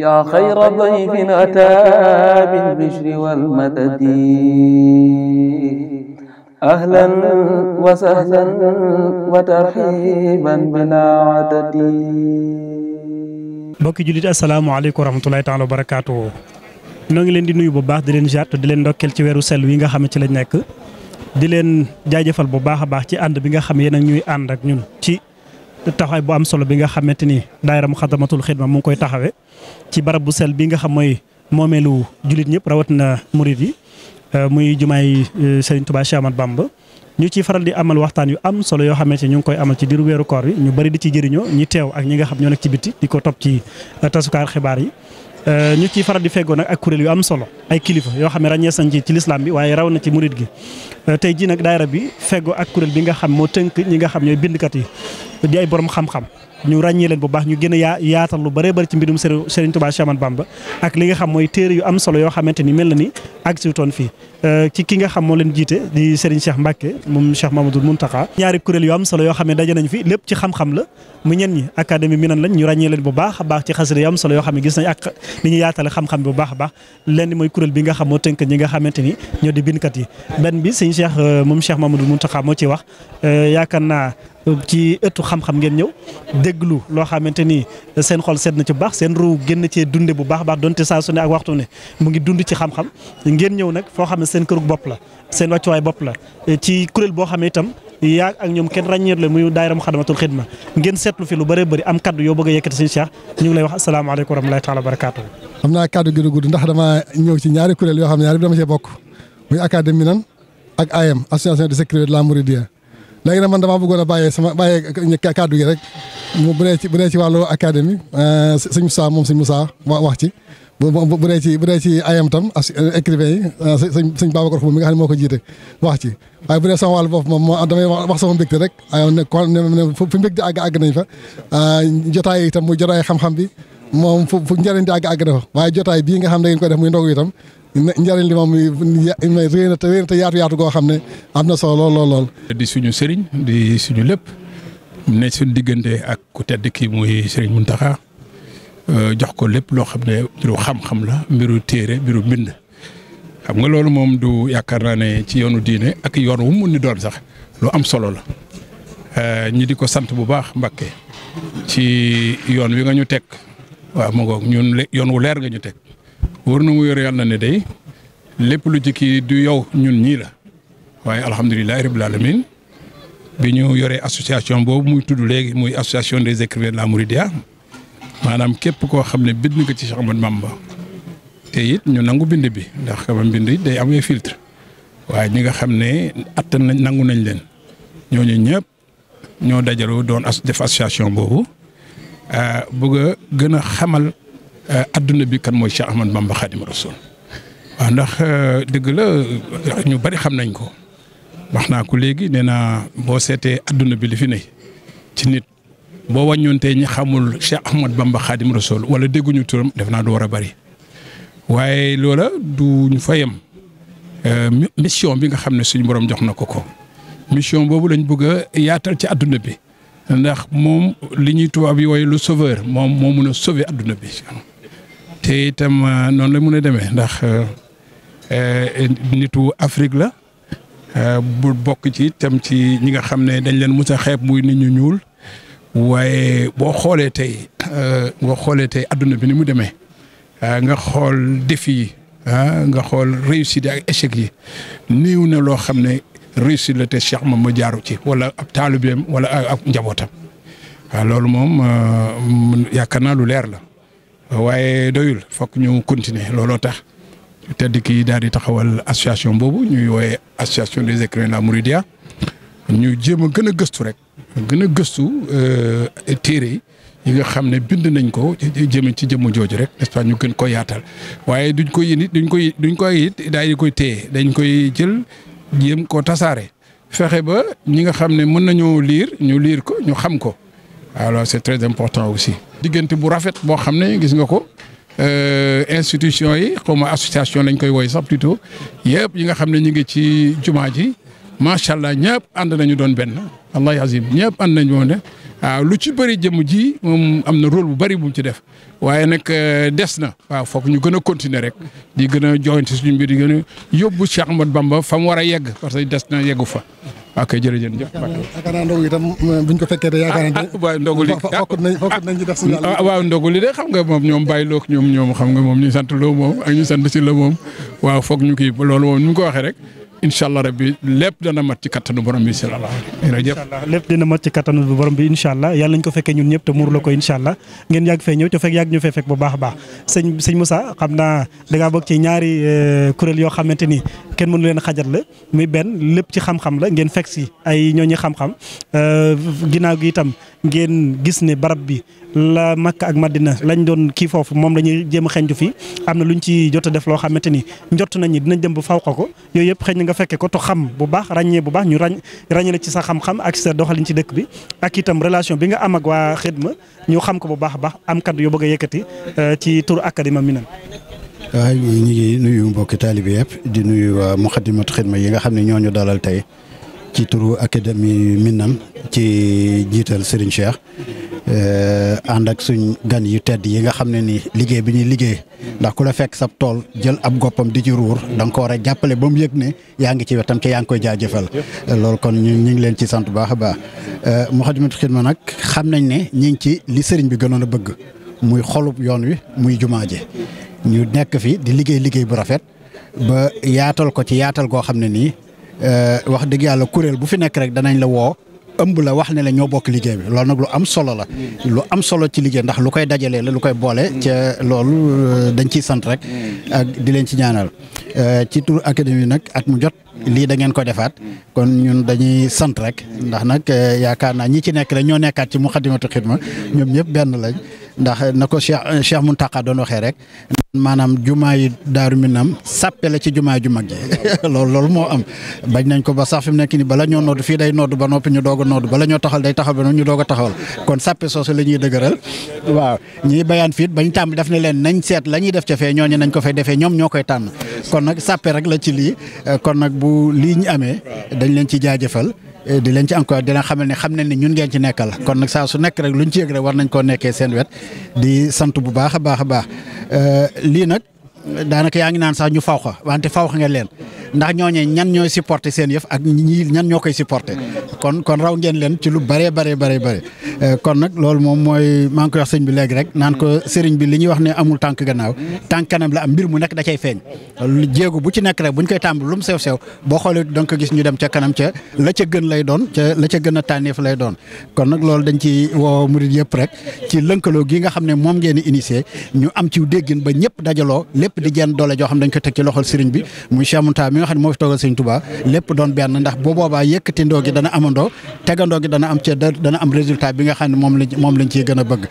yaa xayra dayfin ataa bil bishri wal madadi ahlan wa sahlan wa tarxiiban bilaa adadi. noo ngi leen di nuyu bu baax di leen jàtt di leen ndokkeel ci weeru sel wi nga xam ne ci lañ nekk. di leen jaajëfal bu baax a baax ci ànd bi nga xam yéen ak ñuy ànd ak ñun ci. taxawaay bu am solo bi nga xamante ni mu Muxaddamatul Xidma mu ngi koy taxawee ci barab bu sel bi nga xam mooy moomeelu jullit ñëpp na murit yi euh, muy jumaay euh, Serigne Touba Cheikh Ahmad Bamba ñu ci faral di amal waxtaan yu am solo yoo xamante ni ñu ngi koy amal ci diiru weeru koor bi ñu bari di ci jëriñoo ñi teew ak ñi xam ñoo nekk ci bitti di ko topp ci euh, tasukaar xibaar yi. ñu ciy faral di feggoo nag ak kuréel yu am solo ay kilifa yoo xam ne ràññees nañ ci ci lislaam bi waaye raw na ci murit gi tey jii nag daayira bi fegoo ak kuréel bi nga xam moo tënk ñi nga xam ñooy bindkat yi di ay borom xam-xam ñu ràññee leen bu baax ñu gën a yaa yaatal lu bare bëri ci mbirum Serigne Touba Cheikh Ahmadou Bamba ak li nga xam mooy téere yu am solo yoo xamante ni mel na ni ak si toon fii euh, ci ki nga xam moo leen jiite di Serigne Cheikh Mbacke moom Cheikh Mamadou Mountakha ñaari kuréel yu am solo yoo xam ne daje nañ fi lépp ci xam-xam la mu ñen ñi académie mi nan lañ ñu ràññee leen bu baax a baax ci xasida yu am solo yoo xam ne gis nañ ak ni ñu yaatale xam-xam bi bu baax a baax leen ni mooy kuréel bi nga xam moo tënk ñi nga xamante ni ñoo di binkat yi benn bi Serigne Cheikh euh, moom Cheikh Mamadou Mountakha moo ci wax euh, yaakaar naa ci ëttu xam-xam ngeen ñëw déglu loo xamante ni seen xol seet na ci baax seen ru génn cee dunde bu baax baax donte saa su ak waxtu ne mu ngi dund ci xam-xam ngeen ñëw nag foo xam ne seen kërug bopp la seen wàccuwaay bopp la ci kuréel boo xam ne itam yaa ak ñoom kenn ràññeet la muy daayira Muxaddamatul Xidma ngeen seetlu fi lu bare bëri am kaddu yoo bëgg a yëkkati suñu Cheikh ñu lay wax asalaamaaleykum wa rahmatulaahi taala wa barakaatu. xam naa kaddu gi du gudd ndax yoo xam ne ñaari bi bokk muy académie nan ak AM association de sécurité de léegi nag man damaa bëggoon a bàyyee sama bàyyee kàddu gi rek bu dee ci bu dee ci wàllu académie euh, sëñ Moussa moom sëñ Moussa wax ci bu dee ci bu dee ci ayam tam as écrivain yi euh, sëñ sëñ Babacar Xuma mi nga xam ne moo ko jiite wax ci waaye bu dee sama moom moo damay wax sama mbégte rek ne kon ne fu mbégte àgg àgg nañ fa euh, jotaay itam mu jotaay xam-xam bi moom fu njëriñ di àgg àgg na fa waaye jotaay bii nga xam ne da ngeen koy def muy ndogu itam njariñ li moom réy na te réy te yaatu yaatu goo xam ne am na solo lool lool di suñu sëriñ di suñu lépp ne suñu diggante ak ku tedd ki muy sëriñ Mountakha euh, jox ko lépp loo xam ne mbiru xam-xam la mbiru téere mbiru mbind. xam nga loolu moom du yaakaar naa ne ci yoonu diine ak yoon wu mu ni doon sax lu am solo la euh, ñi di ko sant bu baax Mbàkke ci yoon wi nga ñu teg waaw mu ngoog ñun yoon wu leer nga ñu teg. wóor na mu yor yàlla ne day lépp lu ci du yow ñun ñii la waaye alhamdulilah rabbil alamin bi ñu yoree association boobu muy tudd léegi muy association des écrivains de la Mouridia maanaam képp koo xam ne bind nga ci Cheikh Ahmadou te it ñu nangu bind bi ndax xam bind it day amee filtre waaye ñi nga xam ne attan nañ nangu nañ leen ñooñu ñëpp ñoo dajaloo doon as def association boobu euh, bëgg a gën xamal Euh, adduna bi kan mooy Cheikh Ahmad Bamba Khadim Rasoul waaw ndax euh, dëgg la euh, ñu bari xam nañ ko wax naa ko léegi nee naa boo seetee adduna bi li fi ne ci nit boo wàññoon tey ñi xamul Cheikh Ahmad Bamba Khadim Rasoul wala dégguñu turam def naa du war a bari waaye loola du ñu fa yem mission bi nga xam ne suñu borom jox na ko ko mission boobu lañ bëgg yaatal ci adduna bi ndax moom li ñuy tubaab yi wooye le sauveur moom moo mun a sauver adduna bi. te itam euh, noonu la mën a demee ndax euh, euh, nitu Afrique la bu bokk ci tam ci ñi nga xam ne dañ leen mus a xeeb muy nit ñu ñuul waaye boo xoolee tey boo xoolee tey àdduna bi ni mu demee nga xool défi yi ah, nga xool réussite ak échec yi néew na loo xam ne réussite la te Cheikh ma ma jaaru ci wala ab taalibeem wala ab njabootam waaw loolu moom yaakaar naa lu leer la. waaye doyul fokk ñu continuer looloo tax tedd ki daal di taxawal association boobu ñuy woowee association des écrivains de la Mouridia ñu jéem a gën a gëstu rek gën a gëstu euh, téere yi yi nga xam ne bind nañ ko jëme ci jëmm jooju rek nest ñu gën ko yaatal waaye duñ koy nit duñ koy duñ koy it di koy téye dañ koy jël jéem koo tasaare fexe ba ñi nga xam ne mën nañoo liir ñu liir ko ñu xam ko alors c'est très important aussi diggante bu rafet boo xam ne gis nga ko euh, institution yi xaw association lañ koy woy sax plutôt yëpp yi nga xam ne ñu ngi ci jumaa ji macha allah ñëpp ànd nañu doon benn wallahi azim ñëpp ànd nañu woon ne waaw lu ci bëri jëmm ji moom am na rôle bu bëri bu mu ci def waaye nag euh, des na waaw foog ñu gën a continuer rek di gën a joxante suñu mbir di gën a yóbbu Cheikh Ahmad Bamba fa mu war a yegg parce que des na yeggu fa. ok jërëjëf euh, ko fekkee de yaakaar naa ah, ah, waaw ndogu li fokk nañ fokk nañ ci ah, de xam nga moom ñoom bàyyi loog ñoom ñoom xam nga moom ñu sant loo moom ak ñu sant si la moom waaw foog ñu kii loolu moom ñu ko waxee rek incha allah rabbi lépp dana mat ci kattanu borom bi incha allah jërëjëf lépp dina mat ci kattanu borom bi incha allah yàlla nañ ko fekkee ñun ñëpp te muur la ko incha allah ngeen yàgg fee ñëw te fekk yàgg ñu fee fekk bu baax baax sëñ sëñ xam naa da ngaa bokk ci ñaari euh, kuréel yoo xamante ni kenn mënu leen xajat la muy benn lépp ci xam-xam la ngeen fekk si ay ñooñu xam-xam euh, ginnaaw gi itam ngeen gis ne barab bi la Makka ak maddina lañ doon kii foofu moom lañuy jéem a xenju fii am na luñ ci jot def loo xamante ni njott nañ ni dinañ dem ba faw ko yooyu yëpp xëy na nga fekke ko to xam bu baax ràññee bu baax ñu ràñ ràññee la ci sa xam-xam ak sa doxalin ci dëkk bi ak itam relation bi nga am ak waa ma ñu xam ko bu baax a baax am kaddu yoo bëgg a yëkkati euh, ci turu Académie Minane waaw ñu ngi nuyu mbokki taalibi yëpp di nuyu waa Muxaddamatul Xidma yi nga xam ne ñoo ñu dalal tey ci turu académie Minane ci jiital Serigne Cheikh eh, ànd ak suñ gan yu tedd yi nga xam ne ni liggéey bi ñuy liggéey ndax ku la fekk sab tool jël ab goppam di ci ruur da ko war a jàppale ba mu yëg ne yaa ngi ci wetam te yaa ngi koy jaajëfal lool kon ñu ñu ngi leen ci sant bu baax a baax eh, Muxaddamatul Xidma nag xam nañ ne ñi ngi ci li sëriñ bi gënoon a bëgg muy xolub yoon wi muy jumaa ji ñu nekk fi di liggéey liggéey bu rafet ba yaatal ko ci yaatal goo xam ne nii euh, wax dëgg yàlla kuréel bu fi nekk rek danañ la woo ëmb la wax ne la ñoo bokk liggéey bi loolu nag lu am solo la lu am solo ci liggéey ndax lu koy dajalee la lu koy boole ca loolu euh, dañ ciy sant rek ak leen ci ñaanal euh, ci tur académie nag at mu jot lii da ngeen ko defaat kon ñun dañuy sant rek ndax nag yaakaar naa ñi ci nekk rek ñoo nekkaat ci mu Moukhaddamatoul Khidma ñoom ñëpp benn lañ ndax na ko Cheikh eh, Cheikh Mountakha doon waxee rek maanaam jumaa yi Daaru Minam sàppe la ci jumaa ju mag ji loolu lool moo am bañ nañ ko ba sax fi mu nekk nii bala ñoo nodd fii day nodd ba noppi ñu doog a nodd bala ñoo taxal day taxal ba noppi ñu doog a taxawal kon sàppe soosu la ñuy dëgëral waaw ñii bayaan fiit bañ tàmm def ne leen nañ seet la ñuy def ca fee ñooñu nañ ko fay defee ñoom ñoo koy tànn kon nag sàppe rek la ci lii eh, kon nag bu lii ñu amee dañ leen ci jaajëfal Eh, di leen ci encore di xamal ne xam nañ ne ñun ngeen ci nekkal kon nag saa su nekk rek luñ ci yëg rek war nañ koo nekkee seen wet di sant bu baax a baax a baax eh, lii nag daanaka yaa ngi naan sax ñu faw xa wante faw xa nga leen ndax ñooñee ñan ñooy supporter seen yëf ak ñii ñan ñoo koy supporter kon kon raw ngeen leen ci lu bëree bëree bëri bëri euh, kon nag loolu moom mooy maa wax sëñ bi léegi rek naan ko sëriñ bi li ñuy wax ne amul tànk gannaaw tànk kanam la am mbir mu nekk da cay feeñ lu jéegu bu ci nekk rek buñ koy tàmbali lu mu sew sew boo xoolee da gis ñu dem ca kanam ca la ca gën lay doon ca la ca gën a tànneef lay doon kon nag loolu dañ ci woo murid yëpp rek ci lënkaloo gi nga xam ne moom ngeen initié ñu am ci déggin ba ñëpp dajaloo lépp di jenn doole joo xam dañ ko teg ci loxol sëriñ bi mu Cheikh nga xam ne moo fi toogal sëñ Touba lépp doon benn ndax boo boobaa yëkkatindoo gi dana amandoo tegandoo gi dana am ci dana am résultat bi nga xam ne moom lañ moom lañ ciy gën a bëgg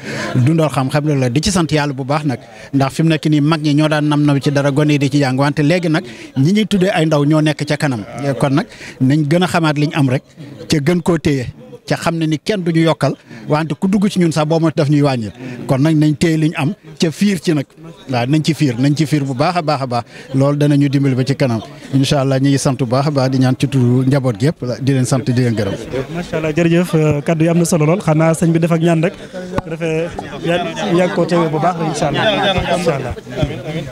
dundool xam-xam la di ci sant yàlla bu baax nag ndax fi mu nekk nii mag ñi ñoo daan nam na ci dara gone yi di ci jàng wante léegi nag ñi ñuy tuddee ay ndaw ñoo nekk ca kanam kon nag nañ gën a xamaat liñ am rek ca gën koo téye ca xam ne ni kenn du ñu yokkal wante ku dugg ci ñun sax boo ma daf ñuy wàññil kon nañ téye li am ca fiir ci nag waaw nañ ci fiir nañ ci fiir bu baax a baax a baax loolu danañu dimbali ba ci kanam incha allah ñu ngi sant bu baax a baax di ñaan ci turu njaboot gi yëpp di leen sant di leen gërëm. macha allah jërëjëf euh, kaddu yi am na solo lool xanaa sëñ bi def ak ñaan rek bu defee yàgg ko baax incha allah incha